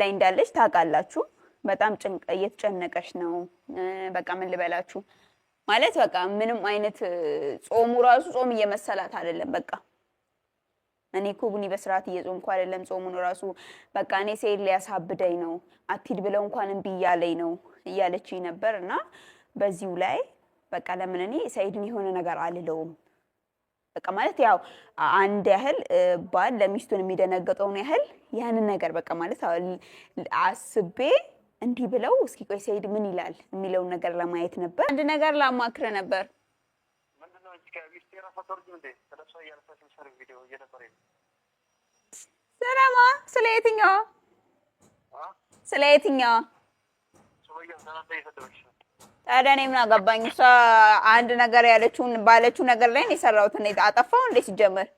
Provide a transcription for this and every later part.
ላይ እንዳለች ታውቃላችሁ። በጣም ጭንቀ እየተጨነቀች ነው። በቃ ምን ልበላችሁ ማለት በቃ ምንም አይነት ጾሙ ራሱ ጾም እየመሰላት አይደለም። በቃ እኔ እኮ ቡኒ በስርዓት እየጾምኩ አይደለም። ጾሙን ራሱ በቃ እኔ ሴት ሊያሳብደኝ ነው አትሂድ ብለው እንኳን እምቢ እያለኝ ነው እያለችኝ ነበር እና በዚሁ ላይ በቃ ለምን እኔ ሰይድን የሆነ ነገር አልለውም በቃ ማለት ያው አንድ ያህል ባል ለሚስቱን የሚደነገጠውን ያህል ያንን ነገር በቃ ማለት አስቤ እንዲህ ብለው እስኪ ቆይ ሰይድ ምን ይላል የሚለውን ነገር ለማየት ነበር። አንድ ነገር ላማክረ ነበር። ሰላማ ስለ የትኛዋ ስለ የትኛዋ ታዲያ እኔ ምን አገባኝ? እሷ አንድ ነገር ያለችውን ባለችው ነገር ላይ ነው የሰራሁት። እኔ አጠፋው እንዴ ሲጀመር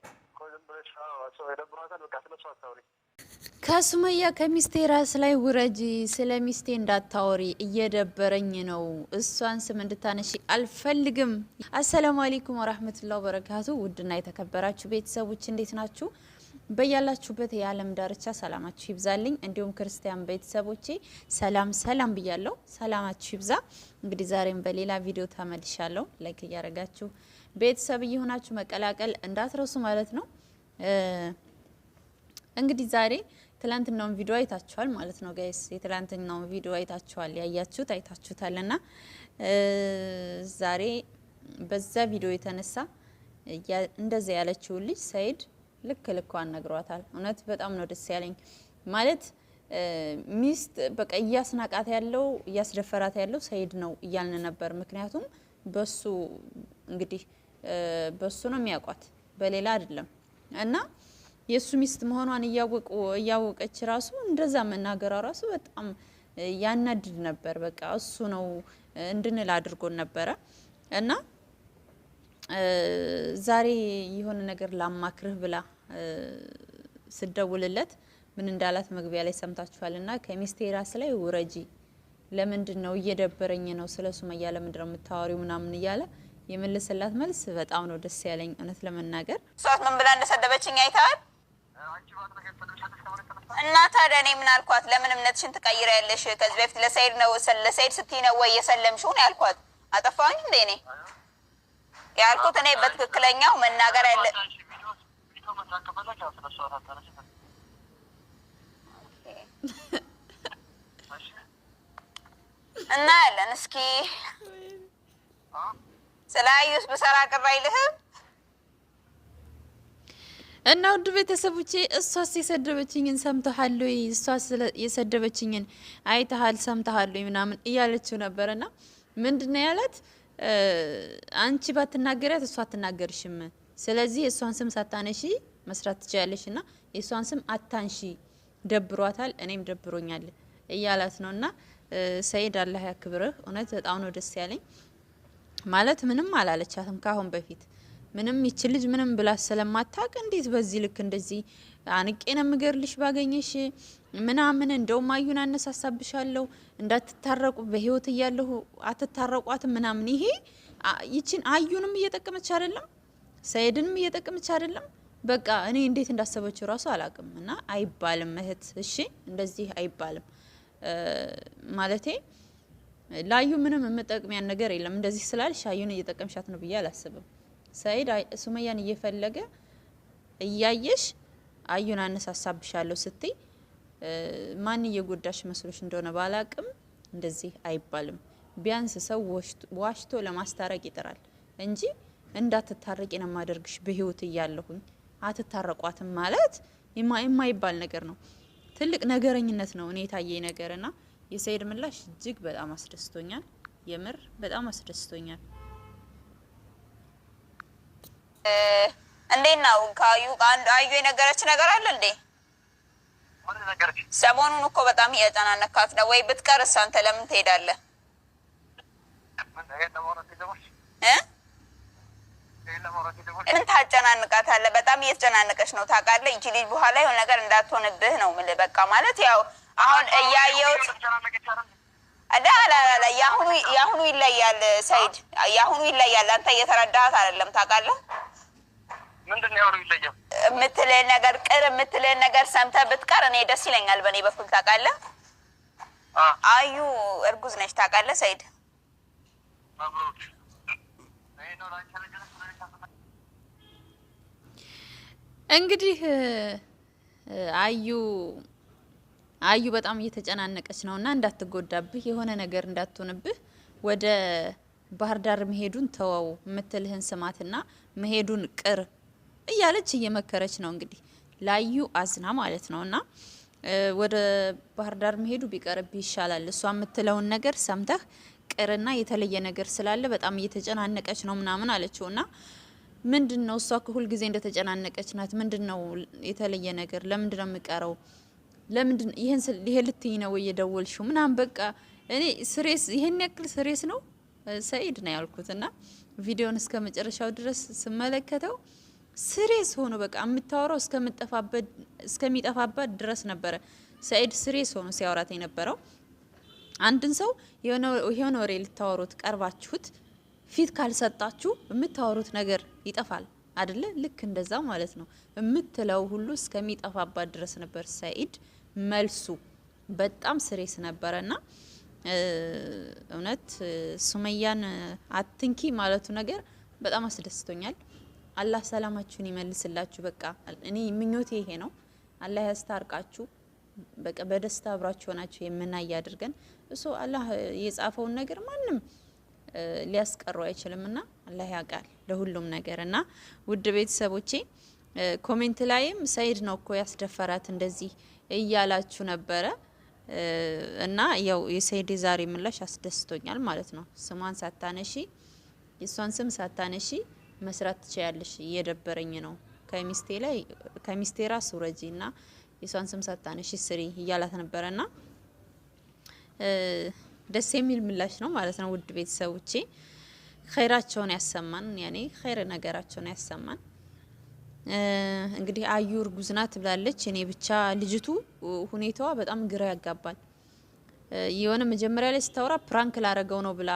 ከሱመያ ከሚስቴ ራስ ላይ ውረጂ። ስለ ሚስቴ እንዳታወሪ እየደበረኝ ነው። እሷን ስም እንድታነሺ አልፈልግም። አሰላሙ አሌይኩም ወራህመቱላህ በረካቱ። ውድና የተከበራችሁ ቤተሰቦች እንዴት ናችሁ? በያላችሁበት የዓለም ዳርቻ ሰላማችሁ ይብዛልኝ። እንዲሁም ክርስቲያን ቤተሰቦቼ ሰላም ሰላም ብያለሁ። ሰላማችሁ ይብዛ። እንግዲህ ዛሬም በሌላ ቪዲዮ ተመልሻለሁ። ላይክ እያደረጋችሁ ቤተሰብ እየሆናችሁ መቀላቀል እንዳትረሱ ማለት ነው። እንግዲህ ዛሬ ትላንትናውን ቪዲዮ አይታችኋል ማለት ነው ጋይስ፣ የትላንትናውን ቪዲዮ አይታችኋል፣ ያያችሁት አይታችሁታል። ና ዛሬ በዛ ቪዲዮ የተነሳ እንደዚያ ያለችውን ልጅ ሰይድ ልክ ልኳን ነግሯታል። እውነት በጣም ነው ደስ ያለኝ ማለት ሚስት በቃ እያስናቃት ያለው እያስደፈራት ያለው ሰይድ ነው እያልን ነበር። ምክንያቱም በሱ እንግዲህ በሱ ነው የሚያውቋት በሌላ አይደለም። እና የእሱ ሚስት መሆኗን እያወቀች ራሱ እንደዛ መናገሯ ራሱ በጣም ያናድድ ነበር። በቃ እሱ ነው እንድንል አድርጎን ነበረ እና ዛሬ የሆነ ነገር ላማክርህ ብላ ስደውልለት ምን እንዳላት መግቢያ ላይ ሰምታችኋል ከሚስቴ ራስ ላይ ውረጂ፣ ለምንድን ነው እየደበረኝ ነው፣ ስለ ሱመያ ለምንድን ነው የምታወሪው ምናምን እያለ የመለሰላት መልስ በጣም ነው ደስ ያለኝ። እውነት ለመናገር ሶስት ምን ብላ እንደሰደበችኝ አይተዋል። እና ታዲያ እኔ ምን አልኳት? ለምን እምነትሽን ትቀይራ ያለሽ? ከዚህ በፊት ለሰይድ ነው ለሰይድ ስትይ ነው ወይ የሰለምሽው ነው ያልኳት። አጠፋሁኝ እንዴ እኔ ያልኩት እኔ በትክክለኛው መናገር ያለ እና ያለን እስኪ ስለ አዩስ ብሰራ ቅር አይልህም? እና ውድ ቤተሰቦቼ እሷስ የሰደበችኝን ሰምተሃል ወይ? እሷስ የሰደበችኝን አይተሃል ሰምተሃል ወይ ምናምን እያለችው ነበረና ምንድን ነው ያላት? አንቺ ባትናገሪያት እሷ አትናገርሽም። ስለዚህ እሷን ስም ሳታነሺ መስራት ትችላለሽ እና የእሷን ስም አታንሺ፣ ደብሯታል፣ እኔም ደብሮኛል እያላት ነው። እና ሰይድ አላህ ያክብርህ፣ እውነት በጣም ነው ደስ ያለኝ። ማለት ምንም አላለቻትም ካሁን በፊት ምንም ይች ልጅ ምንም ብላ ስለማታቅ እንዴት በዚህ ልክ እንደዚህ አንቄ ነው ምገርልሽ ባገኘሽ ምናምን እንደውም አዩን አነሳሳብሻለሁ እንዳትታረቁ በህይወት እያለሁ አትታረቋትም ምናምን ይሄ ይችን አዩንም እየጠቀመች አይደለም ሰይድንም እየጠቀመች አይደለም በቃ እኔ እንዴት እንዳሰበችው ራሱ አላቅም። እና አይባልም እህት፣ እሺ እንደዚህ አይባልም። ማለቴ ላዩ ምንም የምጠቅሚያን ነገር የለም። እንደዚህ ስላልሽ አዩን እየጠቀምሻት ነው ብዬ አላስብም። ሰይድ ሱመያን እየፈለገ እያየሽ አዩን አነሳሳብሻለሁ ስትይ ማን እየጎዳሽ መስሎሽ እንደሆነ ባላቅም እንደዚህ አይባልም። ቢያንስ ሰው ዋሽቶ ለማስታረቅ ይጥራል እንጂ እንዳትታረቂ ነው ማደርግሽ በህይወት እያለሁኝ አትታረቋትም ማለት የማይባል ነገር ነው። ትልቅ ነገረኝነት ነው እኔ የታየ ነገር ና የሰይድ ምላሽ እጅግ በጣም አስደስቶኛል። የምር በጣም አስደስቶኛል። እንዴት ነው ከአዩ አዩ የነገረች ነገር አለ እንዴ? ሰሞኑን እኮ በጣም እያጨናነካት ነው። ወይ ብትቀርስ አንተ ለምን ትሄዳለህ? ምን ታጨናንቃታለህ? በጣም እየተጨናነቀች ነው ታውቃለህ። ይቺ ልጅ በኋላ የሆነ ነገር እንዳትሆንብህ ነው የምልህ። በቃ ማለት ያው አሁን እያየሁት አዳላላ የአሁኑ የአሁኑ ይለያል፣ ሰይድ የአሁኑ ይለያል። አንተ እየተረዳሃት አይደለም ታውቃለህ። ምንድነው ያሁኑ ይለያል የምትልህን ነገር ቅር የምትልህን ነገር ሰምተህ ብትቀር እኔ ደስ ይለኛል፣ በእኔ በኩል ታውቃለህ። አዩ እርጉዝ ነች ታውቃለህ ሰይድ እንግዲህ አዩ አዩ በጣም እየተጨናነቀች ነው እና እንዳትጎዳብህ የሆነ ነገር እንዳትሆንብህ ወደ ባህር ዳር መሄዱን ተወው የምትልህን ስማትና መሄዱን ቅር እያለች እየመከረች ነው። እንግዲህ ላዩ አዝና ማለት ነው እና ወደ ባህር ዳር መሄዱ ቢቀርብ ይሻላል። እሷ የምትለውን ነገር ሰምተህ ቅርና የተለየ ነገር ስላለ በጣም እየተጨናነቀች ነው ምናምን አለችው እና ምንድን ነው እሷ ሁል ጊዜ እንደተጨናነቀች ናት። ምንድን ነው የተለየ ነገር? ለምንድን ነው የምቀረው? ለምንድን ይሄን ይሄ ልትይ ነው እየደወልሽው ምናምን በቃ እኔ ስሬስ ይሄን ያክል ስሬስ ነው ሰይድ ነው ያልኩት እና ቪዲዮን እስከ መጨረሻው ድረስ ስመለከተው ስሬስ ሆኖ በቃ የምታወራው እስከሚጠፋበት ድረስ ነበረ። ሰይድ ስሬስ ሆኖ ሲያወራት የነበረው አንድን ሰው የሆነ ወሬ ልታወሩት ቀርባችሁት ፊት ካልሰጣችሁ የምታወሩት ነገር ይጠፋል አደለ? ልክ እንደዛ ማለት ነው። የምትለው ሁሉ እስከሚጠፋባት ድረስ ነበር ሰኢድ መልሱ። በጣም ስሬስ ነበረና እውነት ሱመያን አትንኪ ማለቱ ነገር በጣም አስደስቶኛል። አላህ ሰላማችሁን ይመልስላችሁ። በቃ እኔ ምኞቴ ይሄ ነው። አላህ ያስታርቃችሁ። በቃ በደስታ አብራችሁ ሆናችሁ የምናይ አድርገን እሱ አላህ የጻፈውን ነገር ማንም ሊያስቀሩ አይችልም ና አላህ ያውቃል ለሁሉም ነገር እና ውድ ቤተሰቦቼ ኮሜንት ላይም ሰይድ ነው እኮ ያስደፈራት እንደዚህ እያላችሁ ነበረ እና ያው የሰይድ ዛሬ ምላሽ አስደስቶኛል ማለት ነው። ስሟን ሳታነሺ የእሷን ስም ሳታነሺ መስራት ትችያለሽ፣ እየደበረኝ ነው ከሚስቴ ላይ ከሚስቴ ራስ ውረጂ እና የእሷን ስም ሳታነሺ ስሪ እያላት ነበረ ና ደስ የሚል ምላሽ ነው ማለት ነው። ውድ ቤተሰቦቼ ኸይራቸውን ያሰማን፣ ያኔ ኸይር ነገራቸውን ያሰማን። እንግዲህ አዩ እርጉዝ ናት ብላለች። እኔ ብቻ ልጅቱ ሁኔታዋ በጣም ግራ ያጋባል። የሆነ መጀመሪያ ላይ ስታወራ ፕራንክ ላረገው ነው ብላ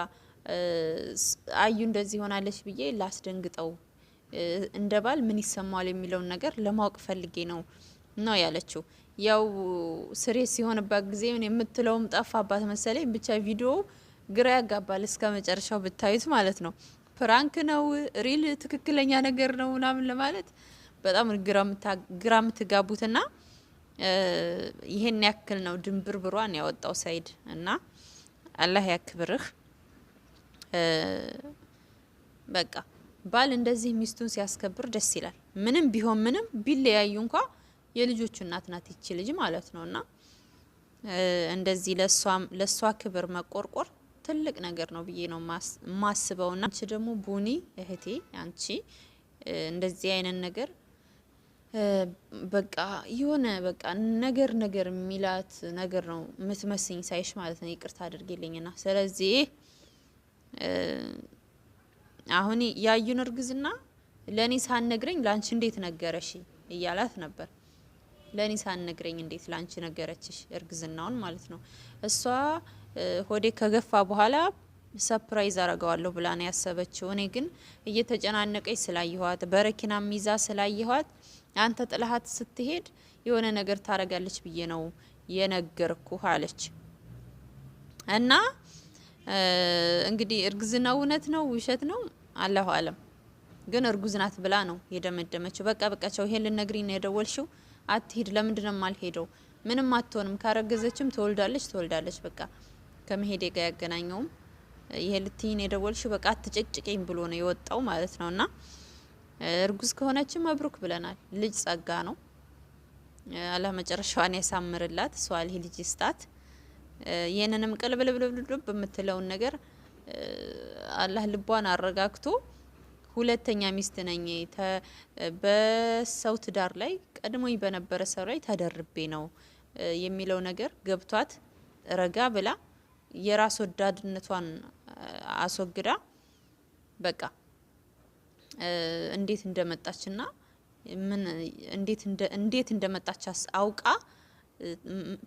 አዩ እንደዚህ ሆናለች ብዬ ላስደንግጠው እንደ ባል ምን ይሰማዋል የሚለውን ነገር ለማወቅ ፈልጌ ነው ነው ያለችው። ያው ስሬት ሲሆንባት ጊዜ ምን የምትለውም ጠፋባት መሰለኝ። ብቻ ቪዲዮ ግራ ያጋባል እስከ መጨረሻው ብታዩት ማለት ነው። ፕራንክ ነው ሪል ትክክለኛ ነገር ነው ምናምን ለማለት በጣም ግራ የምትጋቡትና ይሄን ያክል ነው ድንብር ብሯን ያወጣው ሳይድ እና አላህ ያክብርህ። በቃ ባል እንደዚህ ሚስቱን ሲያስከብር ደስ ይላል። ምንም ቢሆን ምንም ቢለያዩ እንኳ የልጆቹ እናት ናት ይቺ ልጅ ማለት ነውና እንደዚህ ለእሷ ክብር መቆርቆር ትልቅ ነገር ነው ብዬ ነው ማስበውና አንቺ ደግሞ ቡኒ እህቴ አንቺ እንደዚህ አይነት ነገር በቃ የሆነ በቃ ነገር ነገር የሚላት ነገር ነው ምትመስኝ ሳይሽ ማለት ነው። ይቅርታ አድርጌልኝና ስለዚህ አሁን ያዩን እርግዝና ለእኔ ነግረኝ ለአንቺ እንዴት ነገረሽ እያላት ነበር። ለእኔ ነግረኝ እንዴት ላንቺ ነገረችሽ? እርግዝናውን ማለት ነው። እሷ ሆዴ ከገፋ በኋላ ሰፕራይዝ አረገዋለሁ ብላ ነው ያሰበችው። እኔ ግን እየተጨናነቀች ስላየኋት በረኪና ሚዛ ስላየኋት አንተ ጥላሃት ስትሄድ የሆነ ነገር ታረጋለች ብዬ ነው የነገርኩህ አለች እና እንግዲህ እርግዝናው እውነት ነው ውሸት ነው አላሁ አለም ግን እርጉዝ ናት ብላ ነው የደመደመችው። በቃ በቃቸው፣ ይሄን ልነግሪ ነው የደወልሽው አትሂድ። ለምንድን ነው የማልሄደው? ምንም አትሆንም። ካረገዘችም ትወልዳለች፣ ትወልዳለች። በቃ ከመሄዴ ጋር ያገናኘውም ይሄ ልትይን የደወልሽ በቃ አትጨቅጭቀኝ ብሎ ነው የወጣው ማለት ነውና እርጉዝ ከሆነችም መብሩክ ብለናል። ልጅ ጸጋ ነው። አላህ መጨረሻዋን ያሳምርላት። ሷል ልጅ ይስጣት። ይህንንም ቀልብልብልብ የምትለውን ነገር አላህ ልቧን አረጋግቶ ሁለተኛ ሚስት ነኝ በሰው ትዳር ላይ ቀድሞኝ በነበረ ሰው ላይ ተደርቤ ነው የሚለው ነገር ገብቷት ረጋ ብላ የራስ ወዳድነቷን አስወግዳ በቃ እንዴት እንደመጣችና ምን እንዴት እንደመጣች አውቃ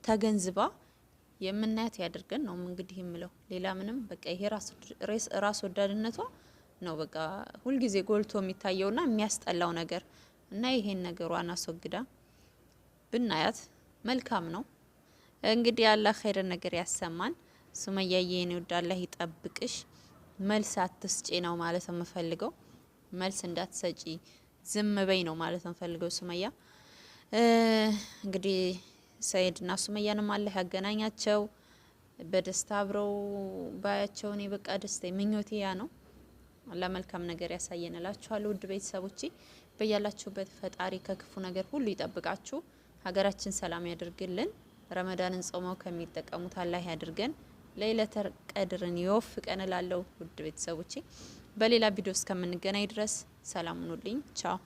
ተገንዝባ የምናያት ያደርገን ነው እንግዲህ የምለው። ሌላ ምንም በቃ ይሄ ራስ ወዳድነቷ ነው በቃ ሁልጊዜ ጎልቶ የሚታየውና የሚያስጠላው ነገር እና ይሄን ነገሯን አስወግዳ ብናያት መልካም ነው። እንግዲህ አላህ ኸይረ ነገር ያሰማን። ሱመያ የኔ ወዳ አላህ ይጠብቅሽ። መልስ አትስጪ ነው ማለት ነው የምፈልገው። መልስ እንዳትሰጪ ዝም በይ ነው ማለት ነው የምፈልገው ሱመያ። እንግዲህ ሰይድና ሱመያንም አላህ ያገናኛቸው በደስታ አብረው ባያቸው እኔ በቃ ደስታ ምኞቴ ያ ነው። አላህ መልካም ነገር ያሳየን እላችኋለሁ ውድ ቤተሰቦቼ። በያላችሁበት ፈጣሪ ከክፉ ነገር ሁሉ ይጠብቃችሁ። ሀገራችን ሰላም ያድርግልን። ረመዳንን ጾመው ከሚጠቀሙት አላህ ያድርገን። ለይለተል ቀድርን ይወፍቀን እላለሁ። ውድ ቤተሰቦቼ በሌላ ቪዲዮ እስከምንገናኝ ድረስ ሰላም ሁኑልኝ። ቻው